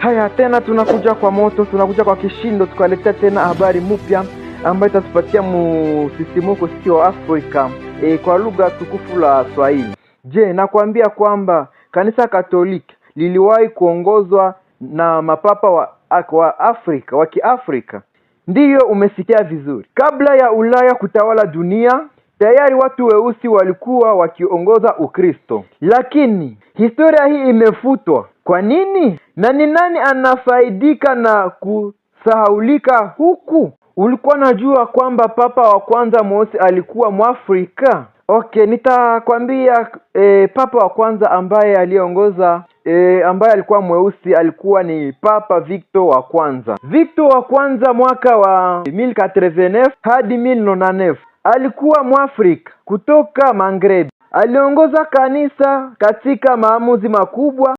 Haya tena, tunakuja kwa moto, tunakuja kwa kishindo, tukaletea tena habari mpya ambayo itatupatia msisimuko sisi wa Afrika e, kwa lugha tukufu la Swahili. Je, nakwambia kwamba kanisa Katoliki liliwahi kuongozwa na mapapa wa, wa Afrika wa Kiafrika? Ndiyo, umesikia vizuri. Kabla ya Ulaya kutawala dunia, Tayari watu weusi walikuwa wakiongoza Ukristo, lakini historia hii imefutwa. Kwa nini? Na ni nani anafaidika na kusahaulika huku? Ulikuwa najua kwamba papa wa kwanza mweusi alikuwa Mwafrika? Okay, nitakwambia e, papa wa kwanza ambaye aliongoza e, ambaye alikuwa mweusi alikuwa ni Papa Victo wa kwanza. victo wa kwanza mwaka wa 1089 hadi 1099 alikuwa Mwafrika kutoka Maghreb. Aliongoza kanisa katika maamuzi makubwa